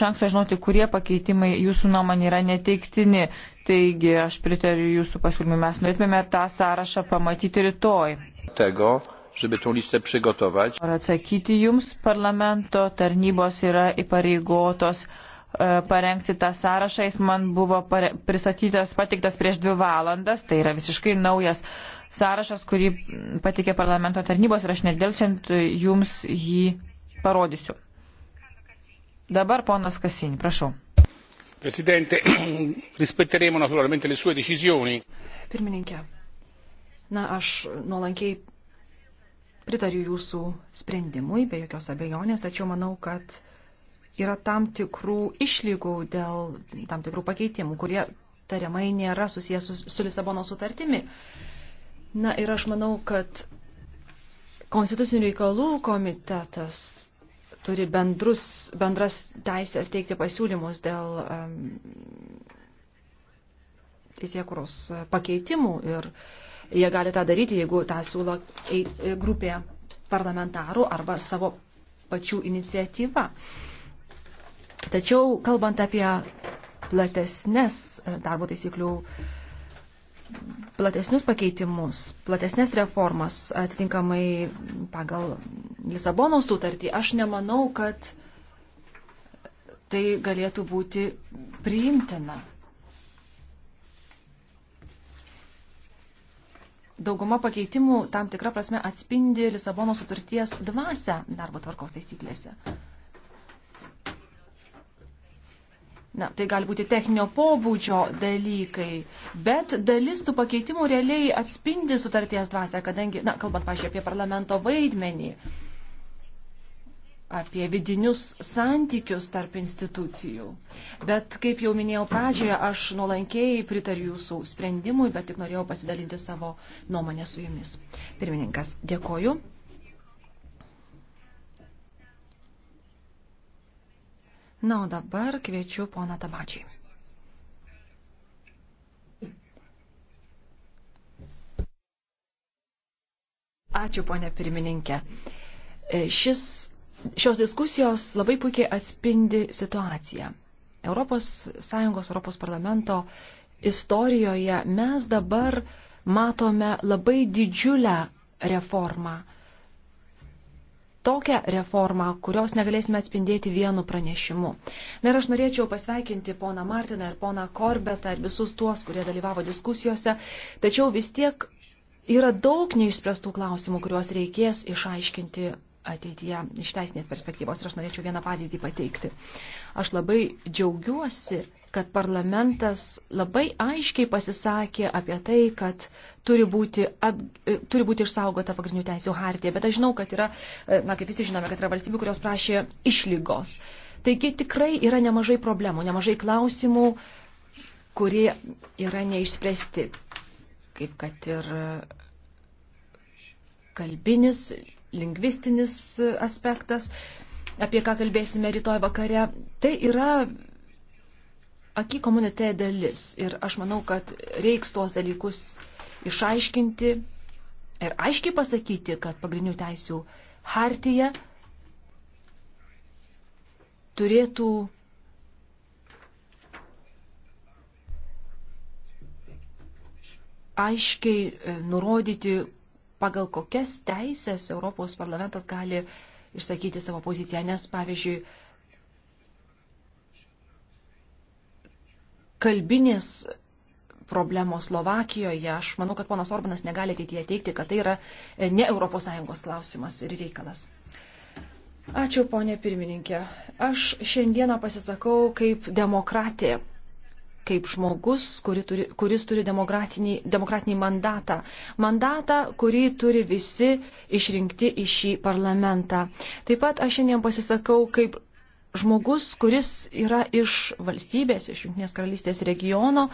iš anksto žinoti, kurie pakeitimai jūsų nuomonė yra neteiktini. Taigi aš pritariu jūsų pasiūlymui. Mes norėtume tą sąrašą pamatyti rytoj. Tego, Ar atsakyti jums, parlamento tarnybos yra įpareigotos e, parengti tą sąrašą. Jis man buvo pristatytas, patiktas prieš dvi valandas. Tai yra visiškai naujas sąrašas, kurį patikė parlamento tarnybos ir aš nedėlsiant jums jį parodysiu. Dabar ponas Kasinį, prašau. Presidente, rispetteremo naturalmente le sue decisioni. Pirmininkė, na aš nuolankiai pritariu jūsų sprendimui, be jokios abejonės, tačiau manau, kad yra tam tikrų išlygų dėl tam tikrų pakeitimų, kurie tariamai nėra susijęs su, su Lisabono sutartimi. Na ir aš manau, kad Konstitucinių reikalų komitetas turi bendrus, bendras teisės teikti pasiūlymus dėl um, teisėkuros pakeitimų ir jie gali tą daryti, jeigu tą siūlo e, grupė parlamentarų arba savo pačių iniciatyva. Tačiau, kalbant apie platesnes e, darbo taisyklių uh, platesnius pakeitimus, platesnės reformas atitinkamai pagal Lisabono sutartį, aš nemanau, kad tai galėtų būti priimtina. Dauguma pakeitimų tam tikrą prasme atspindi Lisabono sutarties dvasę darbo tvarkos taisyklėse. Na, tai gali būti techninio pobūdžio dalykai, bet dalis tų pakeitimų realiai atspindi sutarties dvasę, kadangi, na, kalbant, pažiūrėjau, apie parlamento vaidmenį, apie vidinius santykius tarp institucijų. Bet, kaip jau minėjau pradžioje, aš nuolankiai pritariu jūsų sprendimui, bet tik norėjau pasidalinti savo nuomonę su jumis. Pirmininkas, dėkoju. Na, o dabar kviečiu poną Tabačiai. Ačiū, ponė pirmininkė. E, šis, šios diskusijos labai puikiai atspindi situaciją. ES, ES parlamento istorijoje mes dabar matome labai didžiulę reformą tokią reformą, kurios negalėsime atspindėti vienu pranešimu. Na ir aš norėčiau pasveikinti poną Martiną ir poną Korbetą ir visus tuos, kurie dalyvavo diskusijose, tačiau vis tiek yra daug neišspręstų klausimų, kuriuos reikės išaiškinti ateityje iš teisinės perspektyvos ir aš norėčiau vieną pavyzdį pateikti. Aš labai džiaugiuosi, kad parlamentas labai aiškiai pasisakė apie tai, kad uh, turi būti, ap, e, turi būti išsaugota pagrindinių teisų hartija. Bet aš žinau, kad yra, e, na kaip visi žinome, kad yra valstybių, kurios prašė išlygos. Taigi tikrai yra nemažai problemų, nemažai klausimų, kurie yra neišspręsti. Kaip kad ir kalbinis, lingvistinis aspektas, apie ką kalbėsime rytoj vakare. Tai yra aki komunitė dalis ir aš manau, kad reiks tuos dalykus išaiškinti ir aiškiai pasakyti, kad pagrindinių teisių hartija turėtų aiškiai e, nurodyti, pagal kokias teisės Europos parlamentas gali išsakyti savo poziciją, nes, pavyzdžiui, kalbinės problemos Slovakijoje. Aš manau, kad ponas Orbanas negali ateityje teikti, kad tai yra e, ne ES klausimas ir reikalas. Ačiū, ponė pirmininkė. Aš šiandieną pasisakau kaip demokratė, kaip žmogus, kuri turi, kuris turi demokratinį, demokratinį mandatą. Mandatą, kurį turi visi išrinkti į šį parlamentą. Taip pat aš šiandien pasisakau kaip žmogus, kuris yra iš valstybės, iš Junktinės karalystės regiono,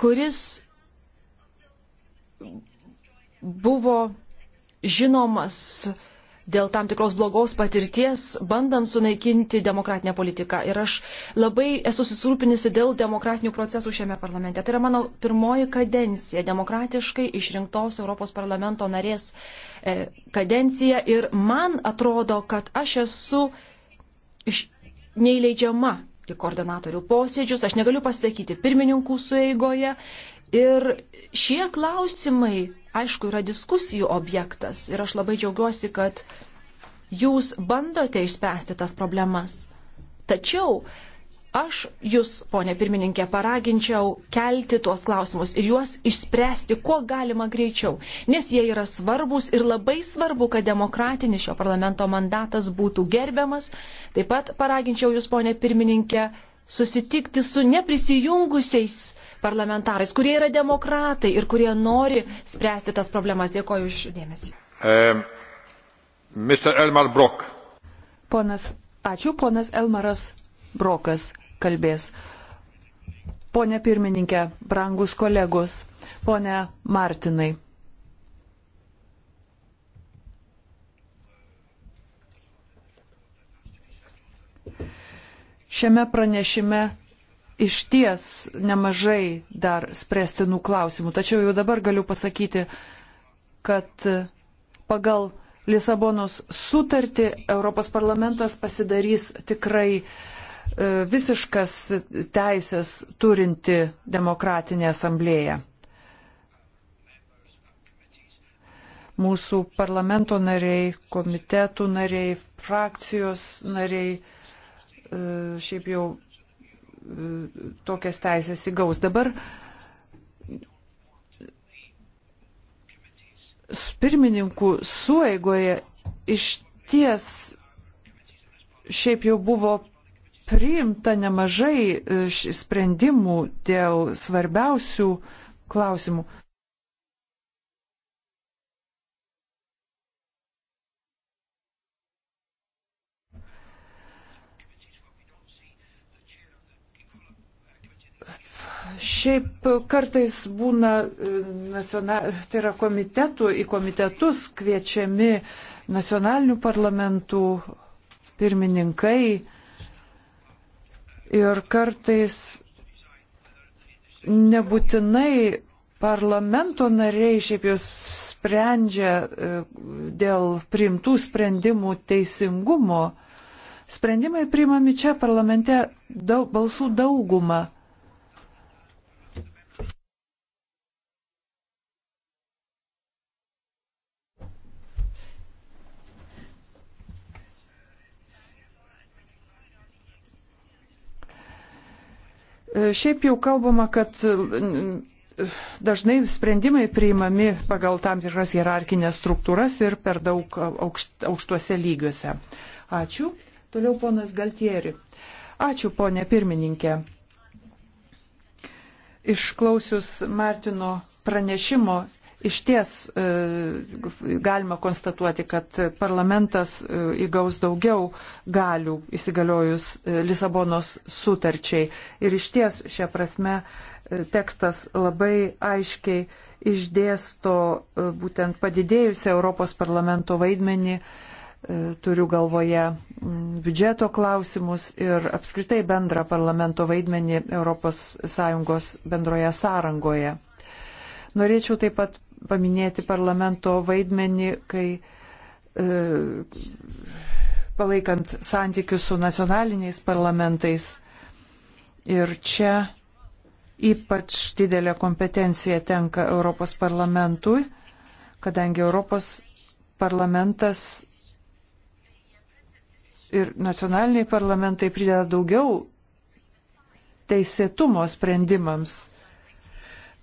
kuris buvo žinomas dėl tam tikros blogos patirties, bandant sunaikinti demokratinę politiką. Ir aš labai esu susirūpinusi dėl demokratinių procesų šiame parlamente. Tai yra mano pirmoji kadencija, demokratiškai išrinktos Europos parlamento narės e, kadencija. Ir man atrodo, kad aš esu iš neįleidžiama į koordinatorių posėdžius, aš negaliu pasakyti pirmininkų sueigoje. Ir šie klausimai, aišku, yra diskusijų objektas ir aš labai džiaugiuosi, kad jūs bandote išspręsti tas problemas. Tačiau Aš jūs, ponė pirmininkė, paraginčiau kelti tuos klausimus ir juos išspręsti kuo galima greičiau, nes jie yra svarbus ir labai svarbu, kad demokratinis šio parlamento mandatas būtų gerbiamas. Taip pat paraginčiau jūs, ponė pirmininkė, susitikti su neprisijungusiais parlamentarais, kurie yra demokratai ir kurie nori spręsti tas problemas. Dėkoju už dėmesį. Um, Ponas, ačiū, ponas Elmaras Brokas kalbės. Pone pirmininkė, brangus kolegos, pone Martinai. Šiame pranešime iš ties nemažai dar spręstinų klausimų, tačiau jau dabar galiu pasakyti, kad pagal Lisabonos sutartį Europos parlamentas pasidarys tikrai E, visiškas teisės turinti demokratinė asamblėja. Mūsų parlamento nariai, komitetų nariai, frakcijos nariai e, šiaip jau e, tokias teisės įgaus. Dabar pirmininkų sueigoje iš ties šiaip jau buvo priimta nemažai e, sprendimų dėl svarbiausių klausimų. Šiaip kartais būna, e, tai yra komitetų, į komitetus kviečiami nacionalinių parlamentų pirmininkai, Ir kartais nebūtinai parlamento nariai šiaip jau sprendžia e, dėl priimtų sprendimų teisingumo. Sprendimai priimami čia parlamente daug, balsų daugumą. Šiaip jau kalbama, kad e, dažnai sprendimai priimami pagal tam tikras hierarkinės struktūras ir per daug aukšt, aukštuose lygiuose. Ačiū. Toliau ponas Galtieri. Ačiū, ponė pirmininkė. Išklausius Martino pranešimo iš ties e, galima konstatuoti, kad parlamentas e, įgaus daugiau galių įsigaliojus e, Lisabonos sutarčiai. Ir iš ties šią prasme tekstas labai aiškiai išdėsto būtent padidėjusią Europos parlamento vaidmenį, turiu galvoje biudžeto klausimus ir apskritai bendrą parlamento vaidmenį ES bendroje sąrangoje. Norėčiau taip pat paminėti parlamento vaidmenį, kai e, palaikant santykius su nacionaliniais parlamentais. Ir čia ypač didelė kompetencija tenka Europos parlamentui, kadangi Europos parlamentas ir nacionaliniai parlamentai prideda daugiau teisėtumo sprendimams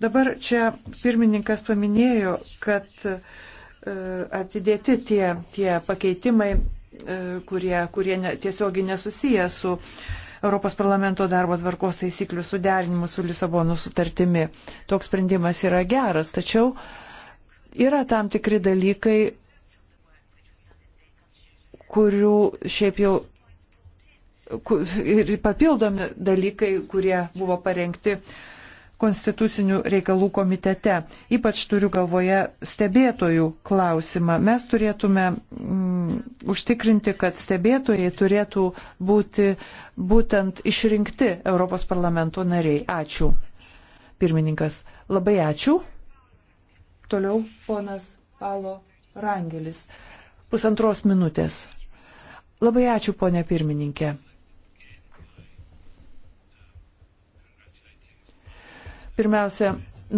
Dabar čia pirmininkas paminėjo, kad e, atidėti tie, tie pakeitimai, e, kurie, kurie ne, tiesiogiai nesusiję su Europos parlamento darbo tvarkos taisyklių suderinimu su Lisabonų sutartimi. Toks sprendimas yra geras, tačiau yra tam tikri dalykai, kurių šiaip jau ir papildomi dalykai, kurie buvo parengti uh, konstitucinių reikalų komitete. Ypač turiu galvoje stebėtojų klausimą. Mes turėtume mm, užtikrinti, kad stebėtojai turėtų būti būtent išrinkti Europos parlamento nariai. Ačiū. Pirmininkas, labai ačiū. Toliau ponas Alo Rangelis. Pusantros minutės. Labai ačiū, ponė pirmininkė. Pirmiausia,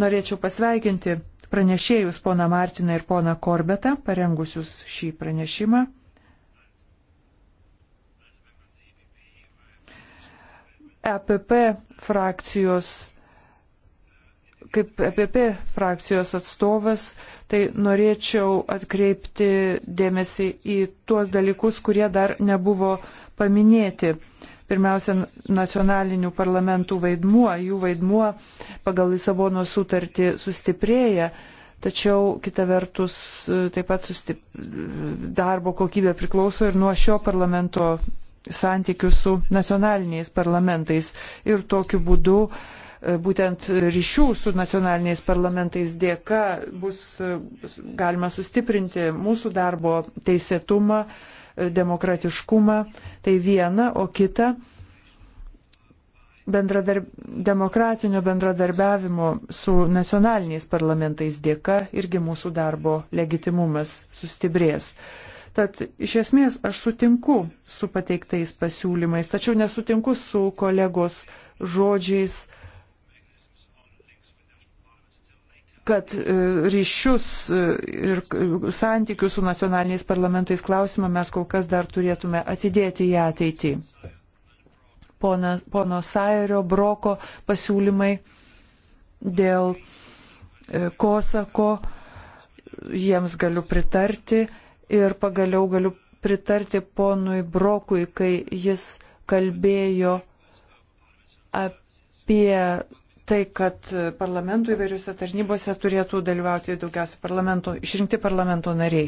norėčiau pasveikinti pranešėjus pona Martiną ir pona Korbetą, parengusius šį pranešimą. EPP frakcijos, kaip EPP frakcijos atstovas, tai norėčiau atkreipti dėmesį į tuos dalykus, kurie dar nebuvo paminėti pirmiausia, nacionalinių parlamentų vaidmuo, jų vaidmuo pagal Lisabono sutartį sustiprėja, tačiau kita vertus e, taip pat sustip... darbo kokybė priklauso ir nuo šio parlamento santykių su nacionaliniais parlamentais ir tokiu būdu uh, būtent ryšių su nacionaliniais parlamentais dėka bus galima sustiprinti mūsų darbo teisėtumą, demokratiškumą. Tai viena, o kita bendradarb... demokratinio bendradarbiavimo su nacionaliniais parlamentais dėka irgi mūsų darbo legitimumas sustiprės. Tad iš esmės aš sutinku su pateiktais pasiūlymais, tačiau nesutinku su kolegos žodžiais, uh, kad e, ryšius e, ir santykius su nacionaliniais parlamentais klausimą mes kol kas dar turėtume atidėti į ateitį. Pona, pono Sairio Broko pasiūlymai dėl e, Kosako, jiems galiu pritarti ir pagaliau galiu pritarti ponui Brokui, kai jis kalbėjo apie tai, kad parlamentų įvairiuose tarnybose turėtų dalyvauti daugiausia parlamento, išrinkti parlamento nariai.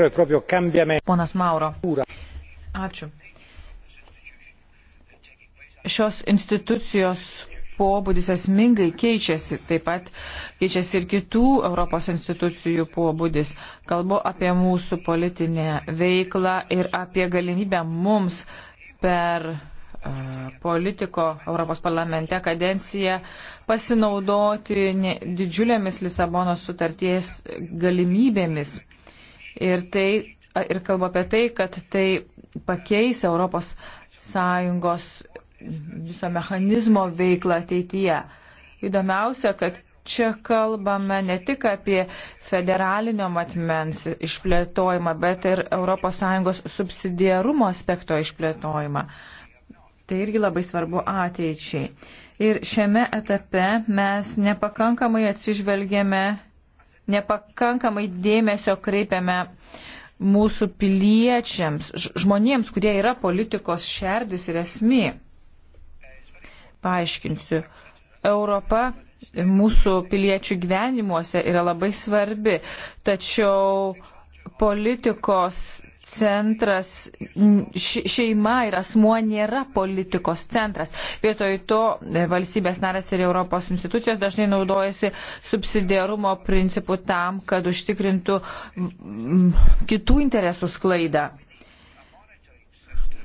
Ponas Mauro. Ačiū. Šios institucijos pobūdis esmingai keičiasi, taip pat keičiasi ir kitų Europos institucijų pobūdis. Kalbu apie mūsų politinę veiklą ir apie galimybę mums per E, politiko Europos parlamente kadenciją pasinaudoti didžiulėmis Lisabonos sutarties galimybėmis. Ir, tai, ir kalba apie tai, kad tai pakeis Europos Sąjungos viso mechanizmo veiklą ateityje. Įdomiausia, kad čia kalbame ne tik apie federalinio matmens išplėtojimą, bet ir ES subsidiarumo aspekto išplėtojimą. Uh, Tai irgi labai svarbu ateičiai. Ir šiame etape mes nepakankamai atsižvelgėme, nepakankamai dėmesio kreipiame mūsų piliečiams, žmonėms, kurie yra politikos šerdis ir esmė. Paaiškinsiu. Europa mūsų piliečių gyvenimuose yra labai svarbi, tačiau politikos centras, šeima ir asmuo nėra politikos centras. Vietoj to e, valstybės narės ir Europos institucijos dažnai naudojasi subsidiarumo principu tam, kad užtikrintų kitų interesų sklaidą.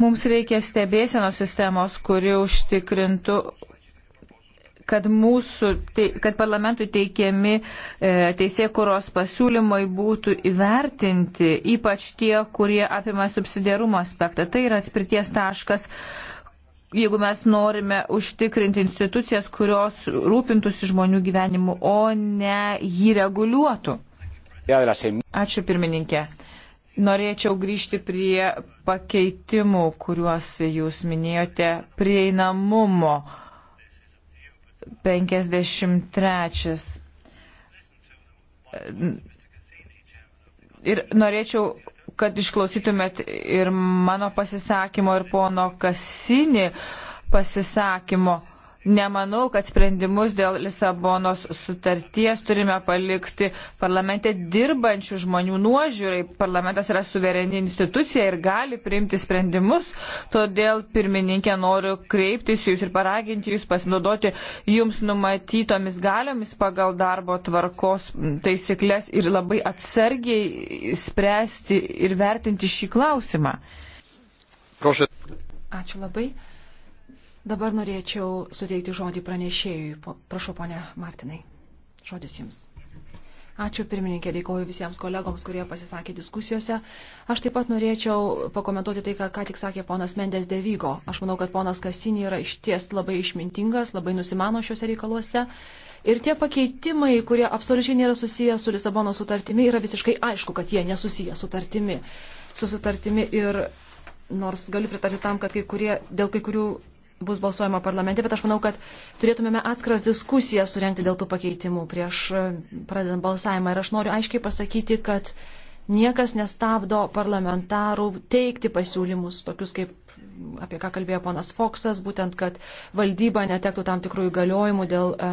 Mums reikia stebėsenos sistemos, kuri užtikrintų kad, mūsų, kad parlamentui teikiami e, teisėkuros pasiūlymai būtų įvertinti, ypač tie, kurie apima subsidiarumo aspektą. Tai yra atspirties taškas jeigu mes norime užtikrinti institucijas, kurios rūpintųsi žmonių gyvenimu, o ne jį reguliuotų. Ačiū pirmininkė. Norėčiau grįžti prie pakeitimų, kuriuos jūs minėjote, prieinamumo. 53. Ir norėčiau, kad išklausytumėt ir mano pasisakymo, ir pono Kasinį pasisakymo. Nemanau, kad sprendimus dėl Lisabonos sutarties turime palikti parlamente dirbančių žmonių nuožiūrai. Parlamentas yra suvereni institucija ir gali priimti sprendimus. Todėl, pirmininkė, noriu kreiptis jūs ir paraginti jūs pasinaudoti jums numatytomis galiomis pagal darbo tvarkos taisyklės ir labai atsargiai spręsti ir vertinti šį klausimą. Prošė. Ačiū labai. Dabar norėčiau suteikti žodį pranešėjui. Prašau, ponia Martinai. Žodis jums. Ačiū pirmininkė, dėkoju visiems kolegoms, kurie pasisakė diskusijose. Aš taip pat norėčiau pakomentuoti tai, ką, ką tik sakė ponas Mendes Devygo. Aš manau, kad ponas Kasinį yra išties labai išmintingas, labai nusimano šiuose reikaluose. Ir tie pakeitimai, kurie absoliučiai nėra susiję su Lisabono sutartimi, yra visiškai aišku, kad jie nesusiję sutartimi. su sutartimi. Ir nors galiu pritarti tam, kad kai kurie, dėl kai kurių bus balsuojama parlamente, bet aš manau, kad turėtumėme atskiras diskusijas surenkti dėl tų pakeitimų prieš e, pradedant balsavimą. Ir aš noriu aiškiai pasakyti, kad niekas nestabdo parlamentarų teikti pasiūlymus, tokius kaip apie ką kalbėjo ponas Foksas, būtent, kad valdyba netektų tam tikrų įgaliojimų dėl e,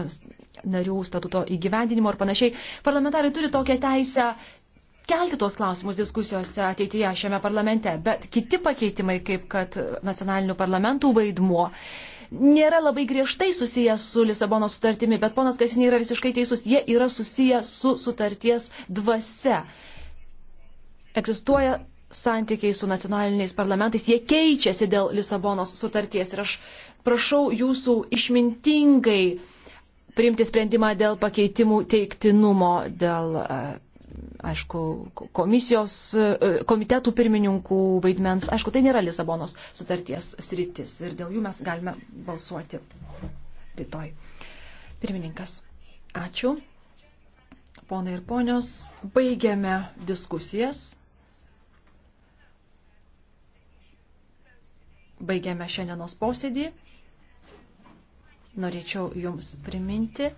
narių statuto įgyvendinimo ir panašiai. Parlamentarai turi tokią teisę kelti tuos klausimus diskusijose ateityje šiame parlamente, bet kiti pakeitimai, kaip kad nacionalinių parlamentų vaidmuo, nėra labai griežtai susijęs su Lisabono sutartimi, bet ponas Kasinė yra visiškai teisus, jie yra susijęs su sutarties dvasia. Egzistuoja santykiai su nacionaliniais parlamentais, jie keičiasi dėl Lisabonos sutarties ir aš prašau jūsų išmintingai priimti sprendimą dėl pakeitimų teiktinumo, dėl uh, aišku, komisijos, e, komitetų pirmininkų vaidmens. Aišku, tai nėra Lisabonos sutarties sritis ir dėl jų mes galime balsuoti rytoj. Pirmininkas, ačiū. Ponai ir ponios, baigiame diskusijas. Baigiame šiandienos posėdį. Norėčiau Jums priminti,